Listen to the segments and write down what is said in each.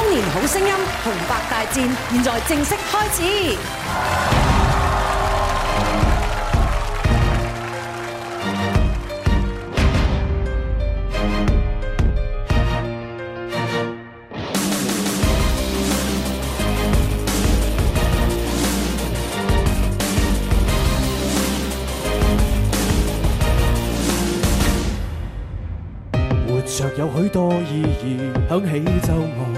今年好聲音紅白大戰，現在正式開始。活着有許多意義，響起奏樂。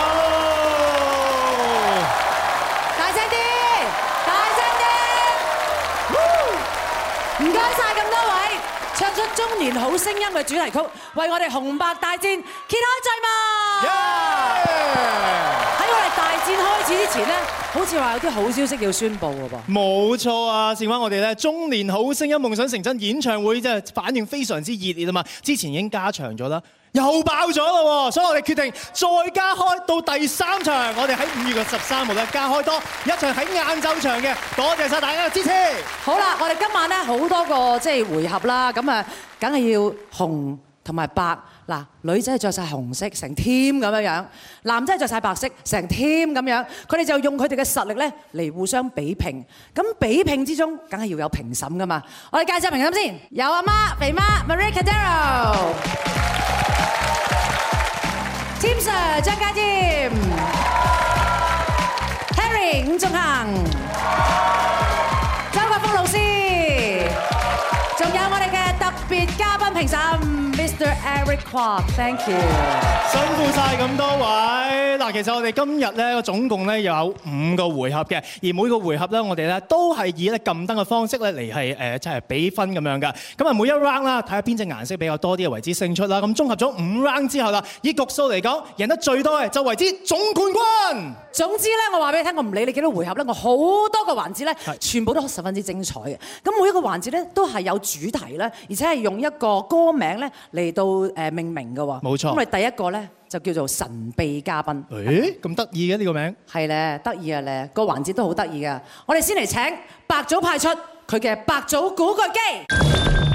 中年好聲音嘅主題曲，為我哋紅白大戰揭開序幕。喺我哋大戰開始之前呢，好似話有啲好消息要宣佈㗎噃。冇錯啊，善花，我哋咧中年好聲音夢想成真演唱會真係反應非常之熱烈啊嘛，之前已經加場咗啦。又爆咗咯喎！所以我哋決定再加開到第三場，我哋喺五月嘅十三號咧加開多一場喺晏晝場嘅，多謝曬大家嘅支持。好啦，我哋今晚咧好多個即係回合啦，咁啊，梗係要紅同埋白嗱，女仔係著曬紅色成 team 咁樣樣，男仔係著曬白色成 team 咁樣，佢哋就用佢哋嘅實力咧嚟互相比拼。咁比拼之中，梗係要有評審噶嘛？我哋介紹下評審先，有阿媽肥媽 Maria Cordero。Tim Sir、張家燕、Harry、伍仲恒、周柏福老師，仲有我哋嘅特別嘉賓評審。Sir Eric Kwok，thank you，辛苦晒咁多位。嗱，其實我哋今日咧，總共咧有五個回合嘅，而每個回合咧，我哋咧都係以咧撳燈嘅方式咧嚟，係誒即係比分咁樣嘅。咁啊，每一 round 啦，睇下邊隻顏色比較多啲，為之勝出啦。咁綜合咗五 round 之後啦，以局數嚟講贏得最多嘅就為之總冠軍。總之咧，我話俾你聽，我唔理你幾多回合咧，我好多個環節咧，全部都十分之精彩嘅。咁每一個環節咧，都係有主題咧，而且係用一個歌名咧嚟。都誒命名嘅喎，冇錯，因為第一個咧就叫做神秘嘉賓，誒咁得意嘅呢個名係咧，得意嘅咧個環節都好得意嘅，我哋先嚟請白組派出佢嘅白組古巨基。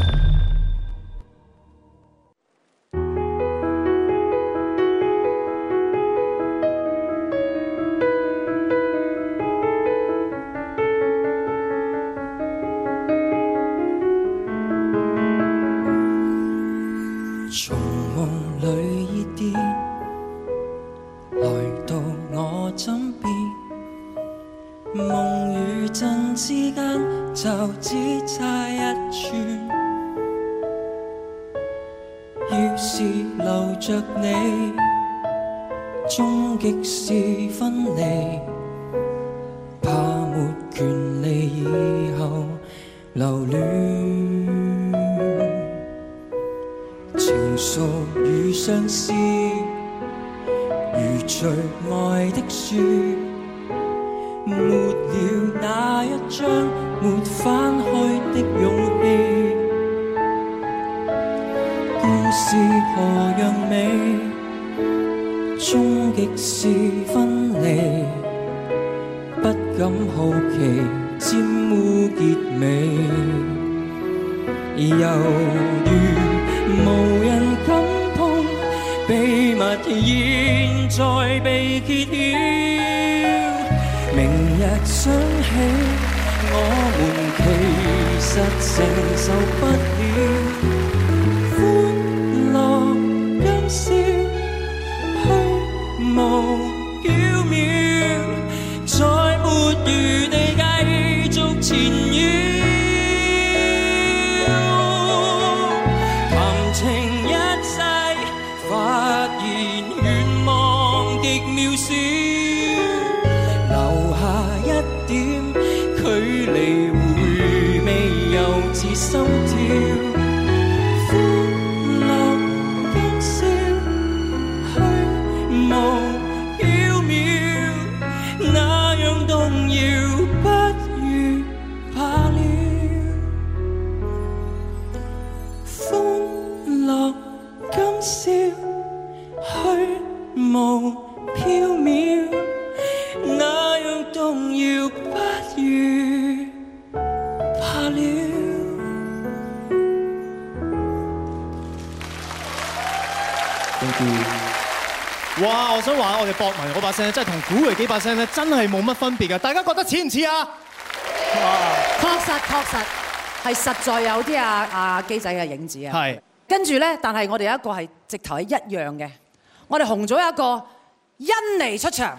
我哋博文嗰把聲咧，聲真係同古巨基把聲咧，真係冇乜分別嘅。大家覺得似唔似啊？確實確實係實在有啲啊阿機仔嘅影子啊。係。跟住咧，但係我哋有一個係直頭係一樣嘅。我哋紅組有一個恩妮出場。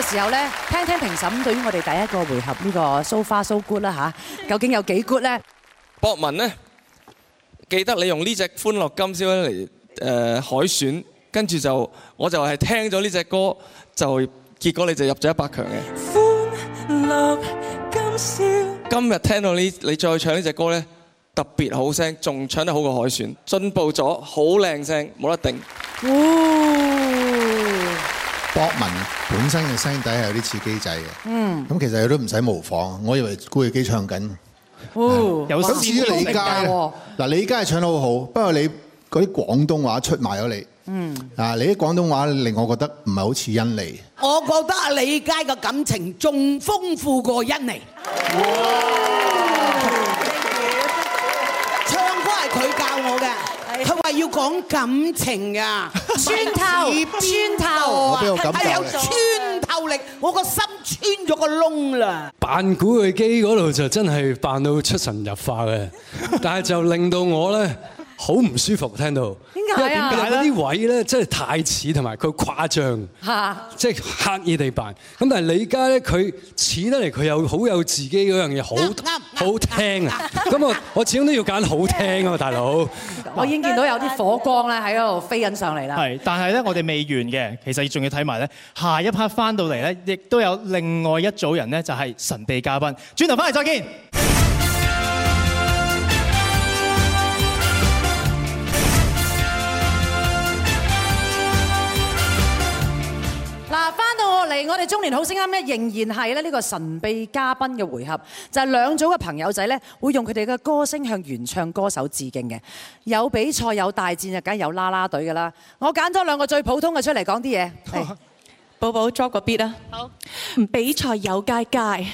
嘅時候咧，聽聽評審對於我哋第一個回合呢個 so far so good 啦嚇，究竟有幾 good 咧？博文咧，記得你用呢隻《歡樂今宵》嚟誒海選，跟住就我就係聽咗呢隻歌，就結果你就入咗一百強嘅。歡樂今宵，今日聽到你你再唱呢隻歌咧，特別好聲，仲唱得好過海選，進步咗，好靚聲，冇得頂。博文本身嘅聲底係有啲似機制嘅，嗯，咁其實佢都唔使模仿。我以為古巨基唱緊，哦，有時似李佳嗱，李佳係唱得好好，不過你嗰啲廣東話出賣咗你，嗯，啊，你啲廣東話令我覺得唔係好似欣妮，我覺得阿李佳嘅感情仲豐富過欣妮。哇！唱歌係佢教我嘅，佢話要講感情㗎。穿透，穿透，係有穿透力？啊、我個心穿咗個窿啦！扮古巨基嗰度就真係扮到出神入化嘅， 但係就令到我咧。好唔舒服，聽到，點解，因為佢有啲位咧，真係太似，同埋佢誇張，即係刻意地扮。咁但係你而家咧，佢似得嚟，佢又好有自己嗰樣嘢，好好聽啊！咁 我我始終都要揀好聽啊，大佬。我已經見到有啲火光咧喺嗰度飛緊上嚟啦。係，但係咧，我哋未完嘅，其實仲要睇埋咧，下一 part 翻到嚟咧，亦都有另外一組人咧，就係、是、神秘嘉賓。轉頭翻嚟再見。中年好聲音咧，仍然係咧呢個神秘嘉賓嘅回合，就係兩組嘅朋友仔咧，會用佢哋嘅歌聲向原唱歌手致敬嘅。有比賽有大戰就梗係有啦啦隊㗎啦。我揀咗兩個最普通嘅出嚟講啲嘢。寶寶 drop 個 beat 啦。好。比賽有界界，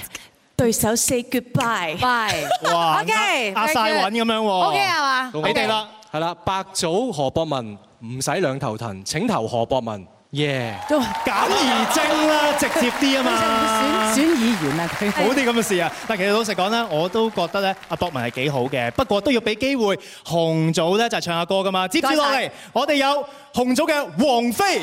對手 say goodbye。bye。哇！OK，阿曬穩咁樣喎。OK 啊嘛。你哋啦，係啦，白組何博文唔使兩頭騰，請投何博文。都、yeah. 簡而精啦， 直接啲啊嘛，選選議員啊，好啲咁嘅事啊。但其實老實講咧，我都覺得咧，阿博文係幾好嘅，不過都要俾機會紅組咧，就係唱下歌噶嘛。接住落嚟，我哋有紅組嘅王菲。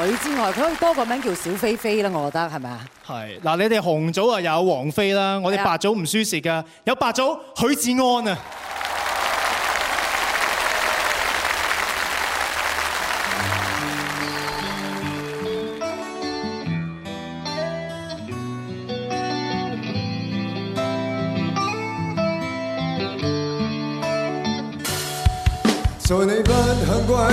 佢之外，佢可以多個名叫小菲菲啦，我覺得係咪啊？係嗱，你哋紅組啊有王菲啦，我哋白組唔輸蝕噶，有白組許志安啊。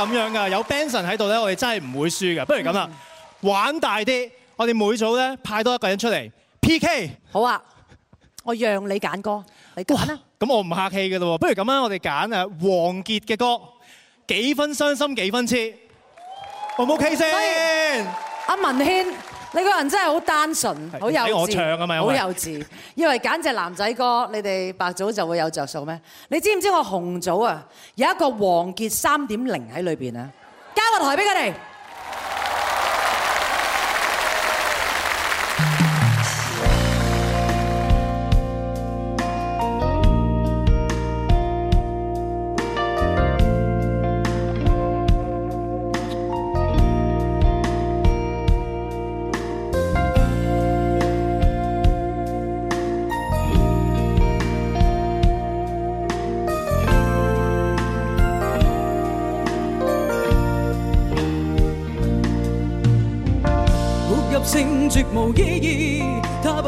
咁樣噶，有 Benson 喺度咧，我哋真係唔會輸嘅。不如咁啦，玩大啲，我哋每組咧派多一個人出嚟 PK。好啊，我讓你揀歌，你都揀啦。咁我唔客氣嘅嘞喎，不如咁啦，我哋揀誒王傑嘅歌，《幾分傷心幾分痴》，O 唔 O K 先？阿文軒。你個人真係好單純，好幼稚，好幼稚。有 以為揀隻男仔歌，你哋白組就會有着數咩？你知唔知我紅組啊？有一個王傑三點零喺裏面啊！交台俾佢哋。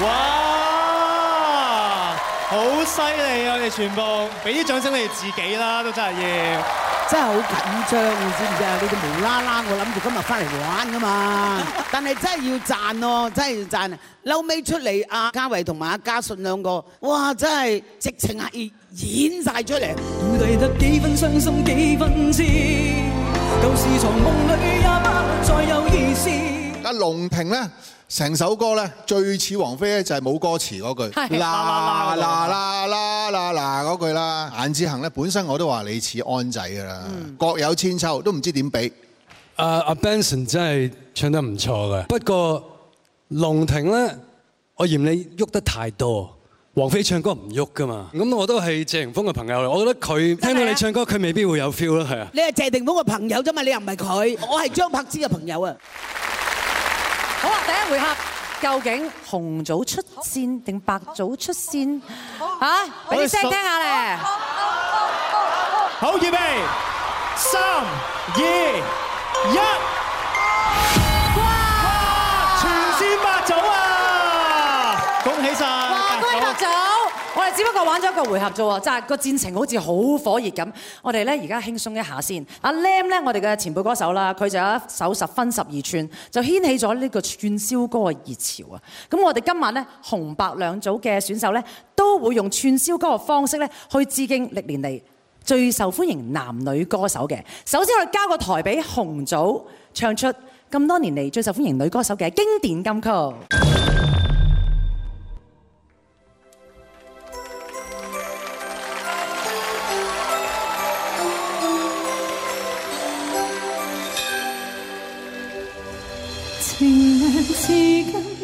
哇！好犀利啊！我哋全部俾啲掌聲，你哋自己啦都真係要，真係好緊張，你知唔知啊？你哋無啦啦，我諗住今日翻嚟玩噶嘛。但係真係要讚咯，真係要讚啊！嬲 尾出嚟，阿嘉慧同埋阿嘉信兩個，哇！真係直情係演晒出嚟。得幾分傷心幾分心先。到時從夢裡、啊、再有意思。阿龍婷咧。成首歌咧，最似王菲咧，就係冇歌詞嗰句，嗱嗱嗱嗱嗱嗱嗱嗱嗰句啦，顏志恒咧，本身我都話你似安仔噶啦，各有千秋都唔知點比。誒阿 Benson 真係唱得唔錯嘅，不過龍婷咧，我嫌你喐得太多，王菲唱歌唔喐噶嘛，咁我都係謝霆鋒嘅朋友，我覺得佢聽到你唱歌佢未必會有 feel 啦，係啊，你係謝霆鋒嘅朋友啫嘛，你又唔係佢，我係張柏芝嘅朋友啊。回合究竟紅組出線定白組出線啊？俾啲聲聽下咧，好，預備，三二一。只不過玩咗一個回合啫喎，就係個戰情好似好火熱咁。我哋咧而家輕鬆一下先。阿 Lam 咧，我哋嘅前輩歌手啦，佢就一首《十分十二寸》就掀起咗呢個串燒歌嘅熱潮啊。咁我哋今晚咧紅白兩組嘅選手咧，都會用串燒歌嘅方式咧去致敬歷年嚟最受歡迎男女歌手嘅。首先我哋交個台俾紅組，唱出咁多年嚟最受歡迎女歌手嘅經典金曲。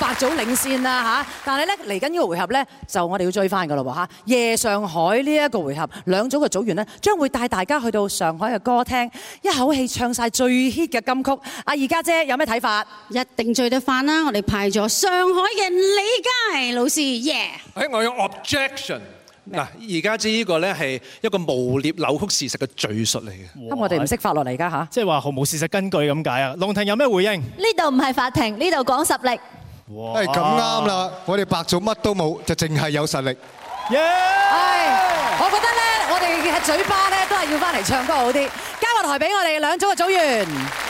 白組領先啦、啊、但係咧嚟緊呢個回合咧，就我哋要追翻噶喇喎夜上海呢一個回合，兩組嘅組員呢，將會帶大家去到上海嘅歌廳，一口氣唱晒最 hit 嘅金曲。阿、啊、姨家姐有咩睇法？一定追得翻啦！我哋派咗上海嘅李佳老師。y、yeah、喺我用 objection 嗱，而家知呢個咧係一個污蔑扭曲事實嘅敘述嚟嘅。咁我哋唔識法落嚟㗎吓，即係話毫無事實根據咁解啊！龍婷有咩回應？呢度唔係法庭，呢度講實力。哎，咁啱啦！我哋白組乜都冇，就淨係有實力。耶！係，我覺得咧，我哋嘅嘴巴咧都係要返嚟唱歌好啲。交個台俾我哋兩組嘅組員。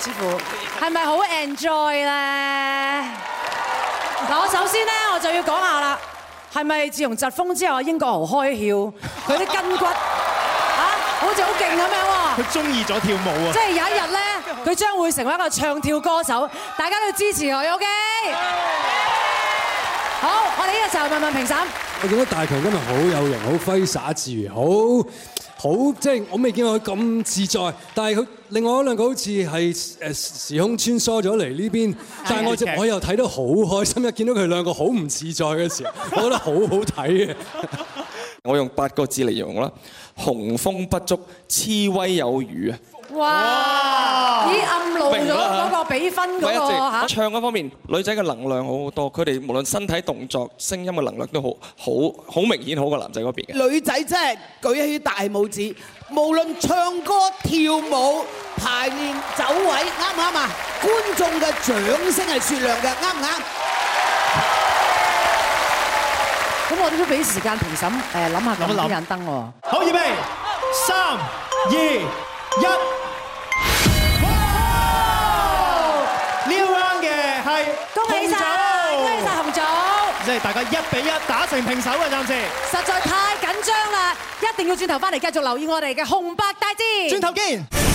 師傅，係咪好 enjoy 咧？嗱， 我首先咧我就要講下啦，係咪自從疾風之後，英國豪開竅，佢啲筋骨 啊，好似好勁咁樣喎。佢中意咗跳舞啊！即係有一日咧，佢 將會成為一個唱跳歌手，大家都要支持佢，OK？好， 好，我哋呢個時候問問評審。我見到大強今日好有型，好揮灑自如，好。好，即係我未見過佢咁自在，但係佢另外嗰兩個好似係誒時空穿梭咗嚟呢邊，但係我我又睇得好開心，一見到佢兩個好唔自在嘅時候，我覺得好好睇嘅。我用八個字嚟形容啦，雄風不足，雌威有餘啊！哇！咦，暗露咗嗰個比分嗰個吓。唱嗰方面，女仔嘅能量好好多，佢哋無論身體動作、聲音嘅能力都好好好明顯，好過男仔嗰邊嘅。女仔即係舉起大拇指，無論唱歌、跳舞、排練走位，啱唔啱啊？觀眾嘅掌聲係雪亮嘅，啱唔啱？咁我哋都俾時間評審誒諗下咁呢盞燈喎。好，預備，三二一。恭喜晒，恭喜晒。紅組！即係、就是、大家一比一打成平手啊，暫時實在太緊張啦，一定要轉頭翻嚟繼續留意我哋嘅紅白大戰。轉頭見。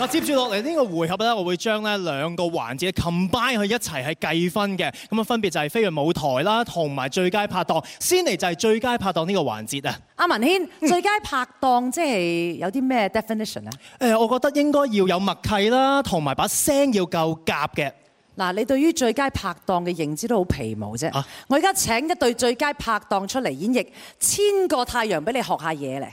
嗱，接住落嚟呢個回合咧，我會將咧兩個環節 combine 去一齊去計分嘅。咁啊，分別就係飛越舞台啦，同埋最佳拍檔。先嚟就係最佳拍檔呢個環節啊。阿文軒，嗯、最佳拍檔即係有啲咩 definition 咧？誒，我覺得應該要有默契啦，同埋把聲要夠夾嘅。嗱，你對於最佳拍檔嘅認知都好皮毛啫、啊。我而家請一對最佳拍檔出嚟演繹千個太陽俾你學下嘢咧。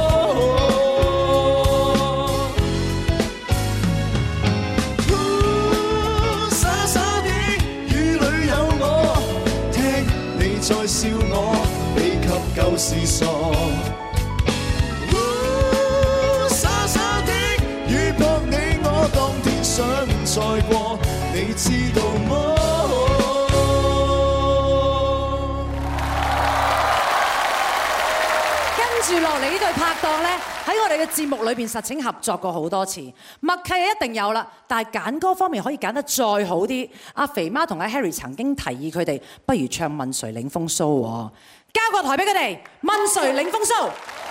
喺我哋嘅節目裏邊實情合作過好多次，默契係一定有啦。但係揀歌方面可以揀得再好啲。阿肥媽同阿 Harry 曾經提議佢哋，不如唱《問誰領風騷》喎，交個台俾佢哋，《問誰領風騷》風騷。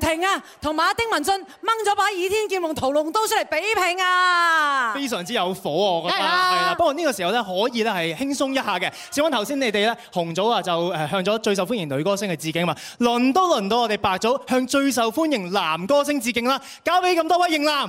婷啊！同埋丁文俊掹咗把倚天劍同屠龍刀出嚟比拼啊！非常之有火，我覺得係啦。不過呢個時候咧，可以咧係輕鬆一下嘅。試問頭先你哋咧紅組啊，就誒向咗最受歡迎女歌星嚟致敬啊嘛，輪都輪到我哋白組向最受歡迎男歌星致敬啦。交俾咁多位型男。